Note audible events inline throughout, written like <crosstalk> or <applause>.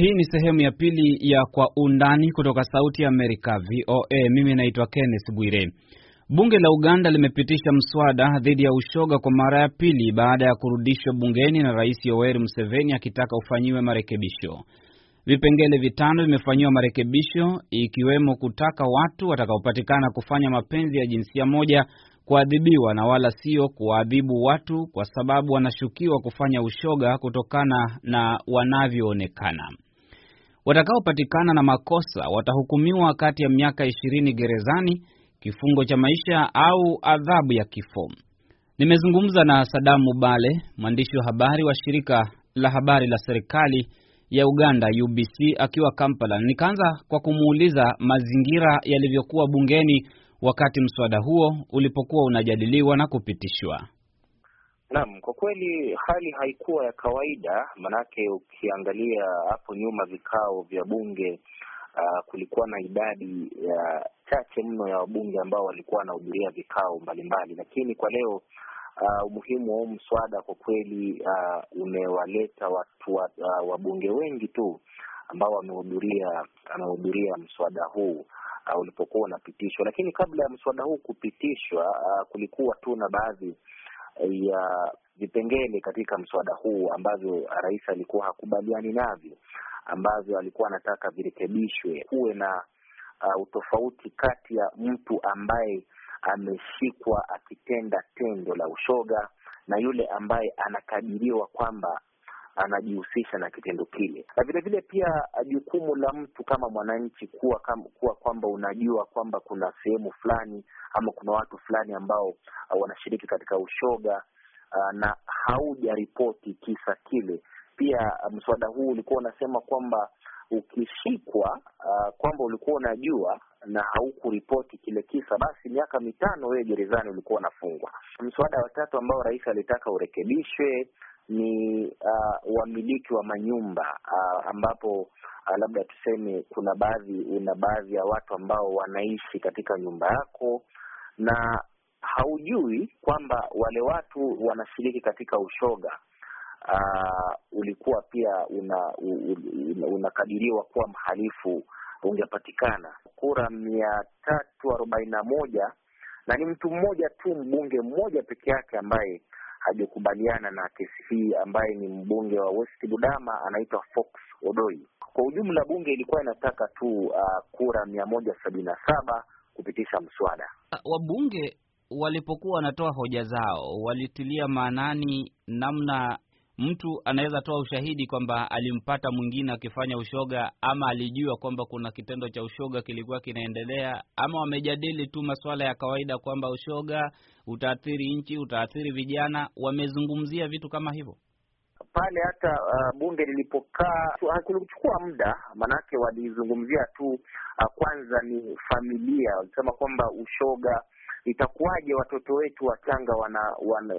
Hii ni sehemu ya pili ya Kwa Undani kutoka Sauti ya Amerika, VOA. Mimi naitwa Kenneth Bwire. Bunge la Uganda limepitisha mswada dhidi ya ushoga kwa mara ya pili baada ya kurudishwa bungeni na Rais Yoweri Museveni akitaka ufanyiwe marekebisho. Vipengele vitano vimefanyiwa marekebisho, ikiwemo kutaka watu watakaopatikana kufanya mapenzi ya jinsia moja kuadhibiwa na wala sio kuwaadhibu watu kwa sababu wanashukiwa kufanya ushoga kutokana na wanavyoonekana. Watakaopatikana na makosa watahukumiwa kati ya miaka ishirini gerezani, kifungo cha maisha au adhabu ya kifo. Nimezungumza na Sadamu Bale, mwandishi wa habari wa shirika la habari la serikali ya Uganda UBC akiwa Kampala. Nikaanza kwa kumuuliza mazingira yalivyokuwa bungeni wakati mswada huo ulipokuwa unajadiliwa na kupitishwa. Naam, kwa kweli hali haikuwa ya kawaida, maanake ukiangalia hapo nyuma vikao vya bunge uh, kulikuwa na idadi ya uh, chache mno ya wabunge ambao walikuwa wanahudhuria vikao mbalimbali, lakini kwa leo uh, umuhimu wa huu mswada kwa kweli uh, umewaleta watu wa, uh, wabunge wengi tu ambao wamehudhuria amehudhuria mswada huu uh, ulipokuwa unapitishwa. Lakini kabla ya mswada huu kupitishwa, uh, kulikuwa tu na baadhi ya vipengele katika mswada huu ambazo rais alikuwa hakubaliani navyo, ambazo alikuwa anataka virekebishwe, kuwe na uh, utofauti kati ya mtu ambaye ameshikwa akitenda tendo la ushoga na yule ambaye anakadiriwa kwamba anajihusisha na kitendo kile, na vilevile pia ah, jukumu la mtu kama mwananchi kuwa kuwa kwamba unajua kwamba kuna sehemu fulani ama kuna watu fulani ambao ah, wanashiriki katika ushoga ah, na haujaripoti kisa kile. Pia mswada huu ulikuwa unasema kwamba ukishikwa uh, kwamba ulikuwa unajua na haukuripoti kile kisa, basi miaka mitano wewe gerezani ulikuwa unafungwa. Mswada wa tatu ambao rais alitaka urekebishwe ni uh, wamiliki wa manyumba uh, ambapo uh, labda tuseme kuna baadhi una baadhi ya watu ambao wanaishi katika nyumba yako na haujui kwamba wale watu wanashiriki katika ushoga. Uh, ulikuwa pia unakadiriwa una, una kuwa mhalifu ungepatikana. Kura mia tatu arobaini na moja na ni mtu mmoja tu, mbunge mmoja peke yake ambaye hajakubaliana na kesi hii, ambaye ni mbunge wa West Budama anaitwa Fox Odoi. Kwa ujumla, bunge ilikuwa inataka tu uh, kura mia moja sabini na saba kupitisha mswada. Uh, wabunge walipokuwa wanatoa hoja zao walitilia maanani namna mtu anaweza toa ushahidi kwamba alimpata mwingine akifanya ushoga, ama alijua kwamba kuna kitendo cha ushoga kilikuwa kinaendelea, ama wamejadili tu masuala ya kawaida kwamba ushoga utaathiri nchi, utaathiri vijana. Wamezungumzia vitu kama hivyo pale hata uh, bunge lilipokaa hakulichukua ah, muda, maanake walizungumzia tu uh, kwanza ni familia. Walisema kwamba ushoga itakuwaje, watoto wetu wachanga wana, wana,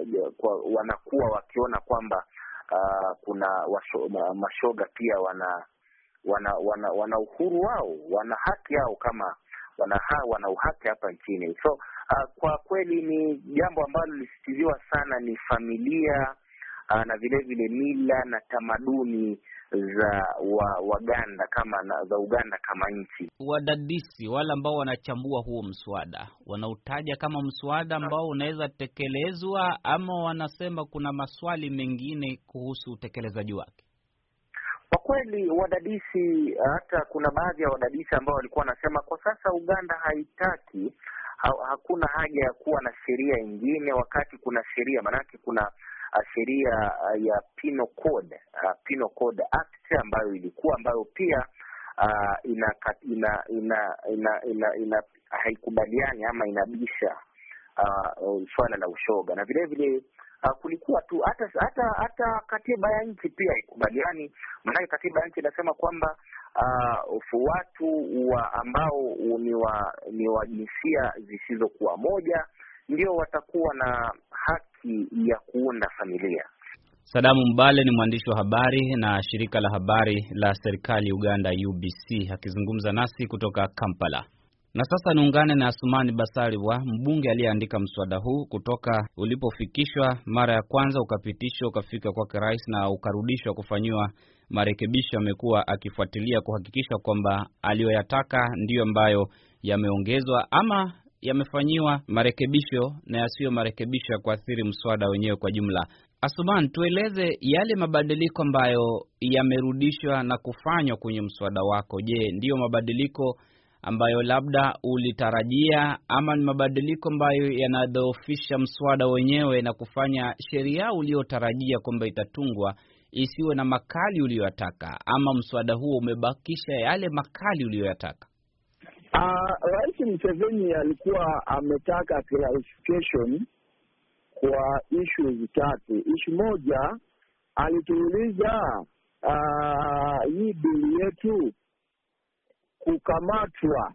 wanakuwa wakiona kwamba uh, kuna washo, mashoga pia wana wana wana wana uhuru wao, wana haki yao kama wana wana uhaki hapa nchini. So uh, kwa kweli ni jambo ambalo lisitiziwa sana, ni familia Ah, na vile vile mila na tamaduni za wa, Waganda kama na, za Uganda kama nchi. Wadadisi wale ambao wanachambua huo mswada wanautaja kama mswada ambao unaweza tekelezwa, ama wanasema kuna maswali mengine kuhusu utekelezaji wake? Kwa kweli wadadisi, hata kuna baadhi ya wadadisi ambao walikuwa wanasema kwa sasa Uganda haitaki ha, hakuna haja ya kuwa na sheria ingine wakati kuna sheria, maanake kuna sheria uh, ya Penal Code, uh, Penal Code Act ambayo ilikuwa ambayo pia uh, ina, ina, ina, ina, ina, ina haikubaliani ama inabisha uh, swala la ushoga na vile vile Uh, kulikuwa tu hata hata hata katiba ya nchi pia ikubaliani, maanake katiba ya nchi inasema kwamba uh, watu wa ambao ni wa ni wa jinsia zisizokuwa moja ndio watakuwa na haki ya kuunda familia. Sadamu Mbale ni mwandishi wa habari na shirika la habari la serikali Uganda UBC akizungumza nasi kutoka Kampala. Na sasa niungane na Asumani wa mbunge aliyeandika mswada huu kutoka ulipofikishwa mara ya kwanza ukapitishwa ukafika kwake rais na ukarudishwa kufanyiwa marekebisho. Amekuwa akifuatilia kuhakikisha kwamba aliyoyataka ndiyo ambayo yameongezwa ama yamefanyiwa marekebisho na yasiyo marekebisho ya kuathiri mswada wenyewe kwa jumla. Asuban, tueleze yale mabadiliko ambayo yamerudishwa na kufanywa kwenye mswada wako. Je, ndiyo mabadiliko ambayo labda ulitarajia ama ni mabadiliko ambayo yanadhoofisha mswada wenyewe na kufanya sheria uliotarajia kwamba itatungwa isiwe na makali uliyoyataka, ama mswada huo umebakisha yale makali uliyoyataka? Ah, Rais Mseveni alikuwa ametaka clarification kwa ishu zitatu. Ishu moja alituuliza ah, hii bili yetu kukamatwa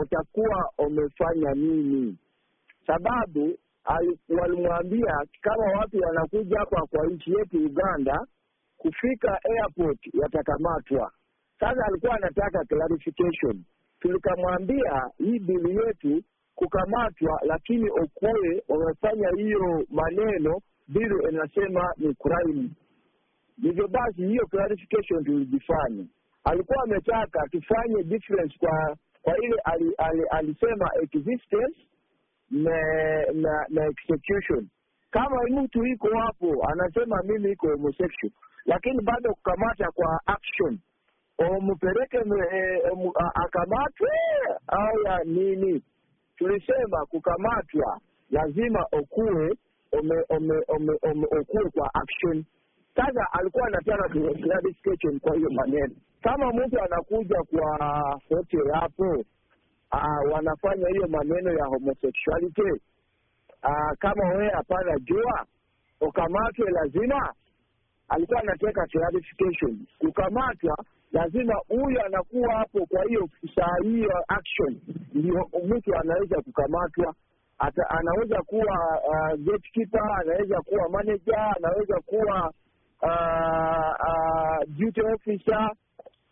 utakuwa umefanya nini? Sababu walimwambia kama watu wanakuja hapa kwa nchi yetu Uganda kufika airport watakamatwa. Sasa alikuwa anataka clarification tulikamwambia hii bili yetu kukamatwa, lakini okoe wamefanya hiyo maneno, bili inasema ni crime. Hivyo basi hiyo clarification tulijifanya, alikuwa ametaka tufanye difference kwa kwa ile ali, ali, alisema existence na, na, na execution. Kama mtu iko hapo anasema mimi iko homosexual, lakini bado kukamata kwa action umpeleke e, e, akamatwe aya nini? Tulisema kukamatwa lazima okuwe okuwe kwa action. Sasa alikuwa anataka clarification kwa hiyo maneno, kama mtu anakuja kwa hote hapo wanafanya hiyo maneno ya homosexuality, kama wee hapana jua ukamatwe lazima alikuwa anateka clarification. Kukamatwa lazima huyo anakuwa hapo, kwa hiyo saa hiyo action ndio mtu anaweza kukamatwa. Ata, anaweza kuwa uh, gatekeeper, anaweza kuwa manager, anaweza kuwa uh, uh, duty officer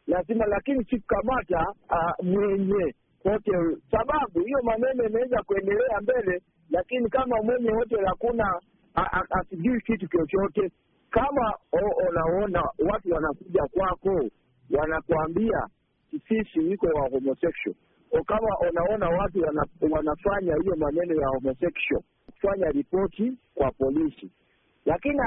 lazima, lakini sikukamata uh, mwenye hotel, sababu hiyo maneno inaweza kuendelea mbele, lakini kama mwenye hotel hakuna asijui kitu chochote kama unaona watu wanakuja kwako wanakuambia sisi iko wa homosexual, o kama unaona watu wana, wanafanya hiyo maneno ya homosexual, kufanya ripoti kwa polisi. Lakini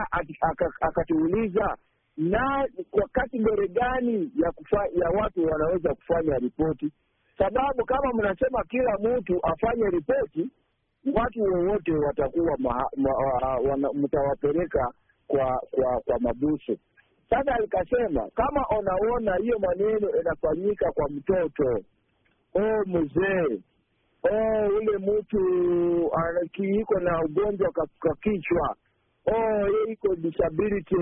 akatuuliza na wakati mbele gani ya, kufa, ya watu wanaweza kufanya ripoti, sababu kama mnasema kila mtu afanye ripoti, watu wowote watakuwa mtawapeleka kwa kwa kwa mabusu. Sasa alikasema kama unaona hiyo maneno inafanyika kwa mtoto, oh mzee, oh ule mtu iko na ugonjwa kwa kichwa, oh ye iko disability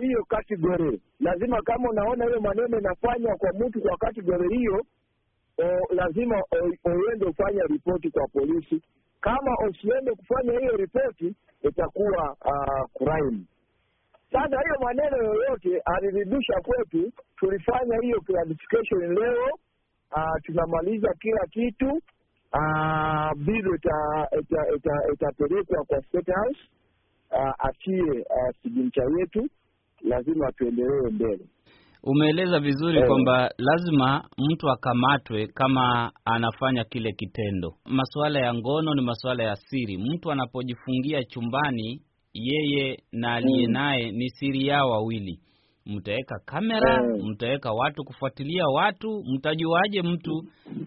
hiyo kategori lazima, kama unaona hiyo maneno inafanywa kwa mtu kwa kategori hiyo, lazima uende ufanye ripoti kwa polisi. Kama usiende kufanya hiyo ripoti, itakuwa uh, crime. Sasa hiyo maneno yoyote alirudisha kwetu, tulifanya hiyo clarification leo. Uh, tunamaliza kila kitu uh, bill itapelekwa kwa State House uh, achie uh, signature yetu, lazima tuendelee mbele. Umeeleza vizuri eh, kwamba lazima mtu akamatwe kama anafanya kile kitendo. Masuala ya ngono ni masuala ya siri. Mtu anapojifungia chumbani, yeye na aliye mm. naye ni siri yao wawili. Mtaweka kamera, eh. mtaweka watu kufuatilia watu, mtajuaje mtu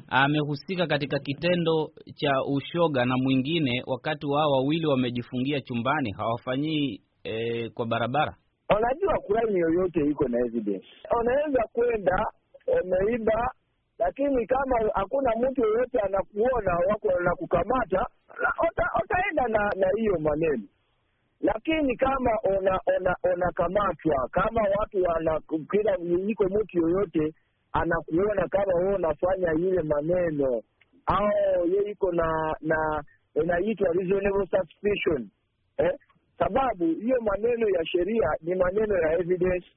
amehusika katika kitendo cha ushoga na mwingine, wakati wao wawili wamejifungia chumbani, hawafanyii eh, kwa barabara? Unajua crime yoyote iko na evidence. Unaweza kwenda umeiba, lakini kama hakuna mtu yoyote anakuona wako na kukamata, utaenda na hiyo maneno lakini kama unakamatwa ona, ona kama watu wana kila iko mtu yoyote anakuona kama wewe unafanya ile maneno au ye iko na na inaitwa reasonable suspicion eh? sababu hiyo maneno ya sheria ni maneno ya evidence.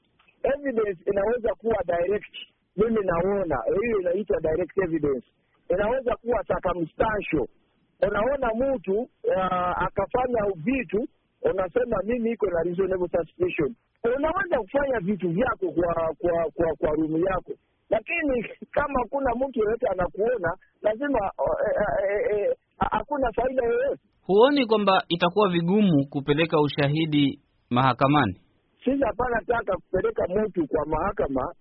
Evidence inaweza kuwa direct, mimi naona hiyo inaitwa direct evidence, inaweza kuwa circumstantial. Unaona mtu uh, akafanya vitu, unasema mimi iko na reasonable suspicion. Unaweza kufanya vitu vyako kwa kwa kwa, kwa rumu yako, lakini kama kuna mtu yoyote anakuona lazima uh, uh, uh, uh, hakuna faida yoyote. Huoni kwamba itakuwa vigumu kupeleka ushahidi mahakamani? Sisi hapana taka kupeleka mtu kwa mahakama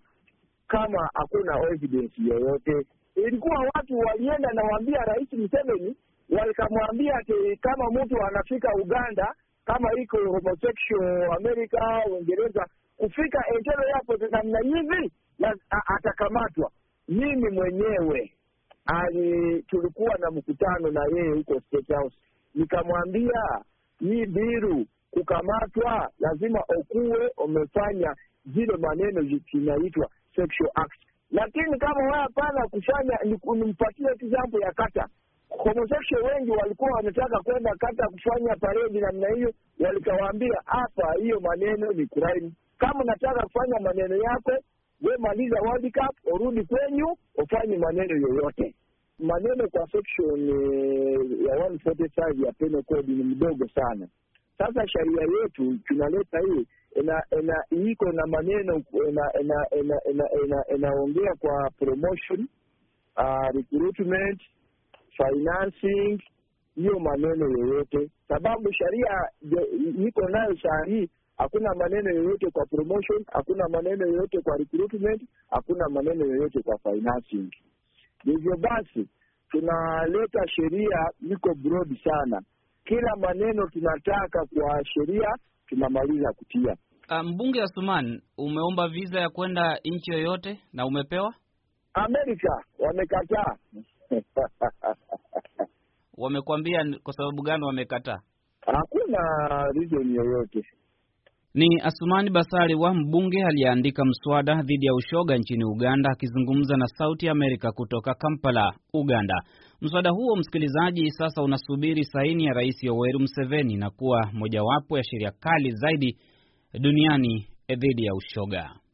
kama hakuna evidence yoyote. Ilikuwa watu walienda na waambia Rais Museveni, wakamwambia ati kama mtu anafika Uganda kama iko homosexual Amerika, Uingereza, kufika entero yapo namna hivi atakamatwa. Mimi mwenyewe ali, tulikuwa na mkutano na yeye huko State House, nikamwambia hii Biru kukamatwa lazima okuwe umefanya zile maneno zinaitwa sexual act, lakini kama wewe hapana kufanya, nimpatie example ya kata homosexual wengi walikuwa wanataka kwenda kata kufanya paredi namna hiyo, walikawaambia hapa, hiyo maneno ni crime. Kama unataka kufanya maneno yako we maliza World Cup, urudi kwenyu, ufanye maneno yoyote. Maneno kwa section eh, ya 145 ya penal code ni mdogo sana. Sasa sheria yetu tunaleta hii ina, ina, iko na maneno inaongea kwa promotion uh, recruitment financing, hiyo maneno yoyote, sababu sheria iko nayo saa hii Hakuna maneno yoyote kwa promotion, hakuna maneno yoyote kwa recruitment, hakuna maneno yoyote kwa financing. Hivyo basi tunaleta sheria iko broad sana, kila maneno tunataka kwa sheria tunamaliza kutia. Ah, mbunge Asuman, umeomba visa ya kwenda nchi yoyote na umepewa? Amerika wamekataa. <laughs> Wamekwambia kwa sababu gani wamekataa? Hakuna reason yoyote. Ni Asumani Basari wa mbunge aliyeandika mswada dhidi ya ushoga nchini Uganda, akizungumza na Sauti ya Amerika kutoka Kampala, Uganda. Mswada huo, msikilizaji, sasa unasubiri saini ya Rais Yoweri Museveni na kuwa mojawapo ya sheria kali zaidi duniani eh, dhidi ya ushoga.